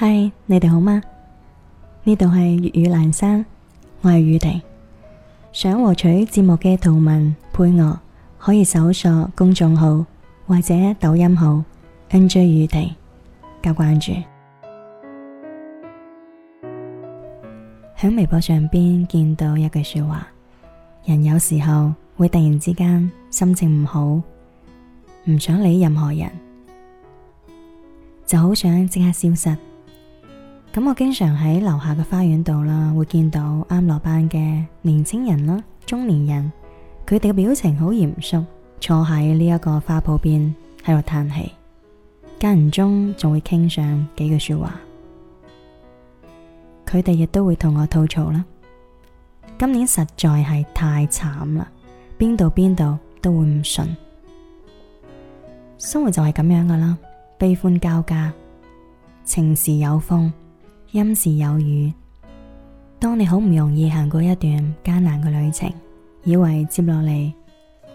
嗨，Hi，你哋好嗎？呢度係粵語蘭生，我係宇婷。想獲取節目嘅圖文配樂，可以搜索公眾號或者抖音號 NJ 宇婷加關注。喺微博上邊見到一句說話：人有時候會突然之間心情唔好，唔想理任何人，就好想即刻消失。咁我經常喺樓下嘅花園度啦，會見到啱落班嘅年輕人啦、中年人，佢哋嘅表情好嚴肅，坐喺呢一個花圃邊喺度嘆氣，間唔中仲會傾上幾句說話。佢哋亦都會同我吐槽啦，今年實在係太慘啦，邊度邊度都會唔順，生活就係咁樣噶啦，悲歡交加，晴時有風。陰時有雨，當你好唔容易行過一段艱難嘅旅程，以為接落嚟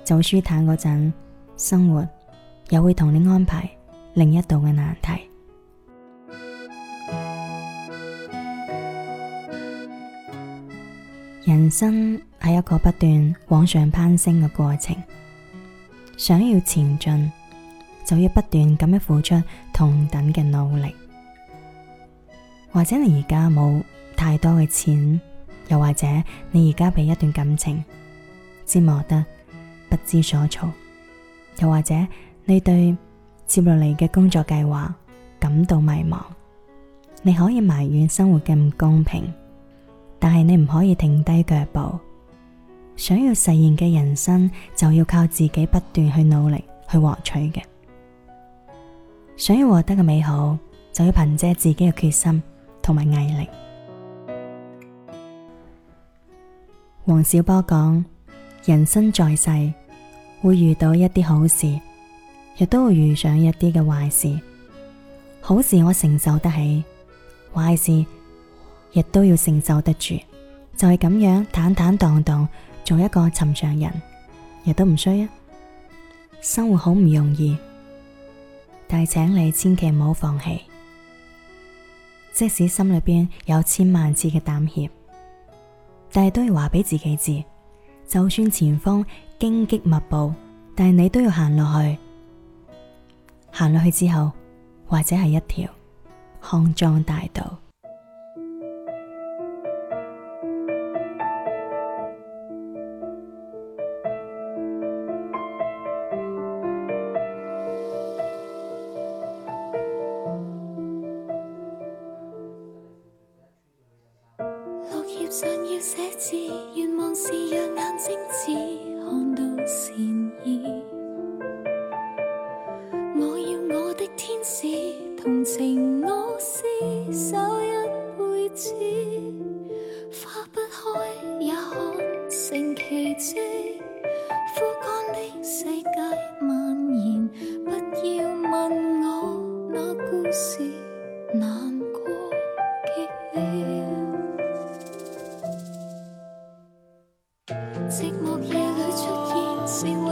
就舒坦嗰陣，生活又會同你安排另一道嘅難題。人生係一個不斷往上攀升嘅過程，想要前進，就要不斷咁樣付出同等嘅努力。或者你而家冇太多嘅錢，又或者你而家被一段感情折磨得不知所措，又或者你對接落嚟嘅工作計劃感到迷茫，你可以埋怨生活嘅唔公平，但係你唔可以停低腳步。想要實現嘅人生，就要靠自己不斷去努力去獲取嘅，想要獲得嘅美好，就要憑借自己嘅決心。同埋毅力。王小波講：人生在世，會遇到一啲好事，亦都會遇上一啲嘅壞事。好事我承受得起，壞事亦都要承受得住。就係咁樣坦坦蕩蕩做一個尋常人，亦都唔衰啊！生活好唔容易，但係請你千祈唔好放棄。即使心裏邊有千萬次嘅膽怯，但係都要話俾自己知，就算前方荊棘密布，但係你都要行落去。行落去之後，或者係一條康莊大道。想要寫字，願望是讓眼睛只看到善意。我要我的天使同情。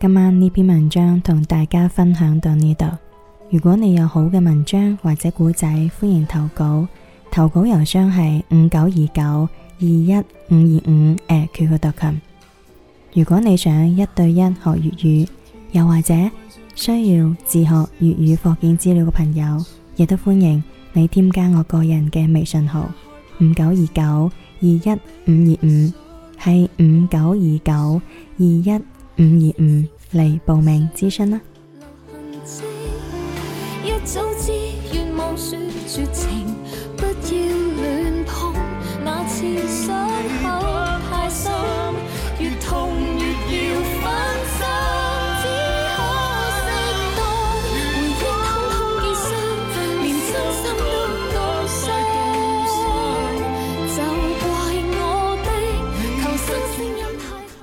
今晚呢篇文章同大家分享到呢度。如果你有好嘅文章或者古仔，歡迎投稿。投稿郵箱係五九二九二一五二五 @，QQ 特勤。如果你想一對一學粵語，又或者需要自學粵語課件資料嘅朋友，亦都歡迎你添加我個人嘅微信號五九二九二一五二五，係五九二九二一五二五嚟報名諮詢啦。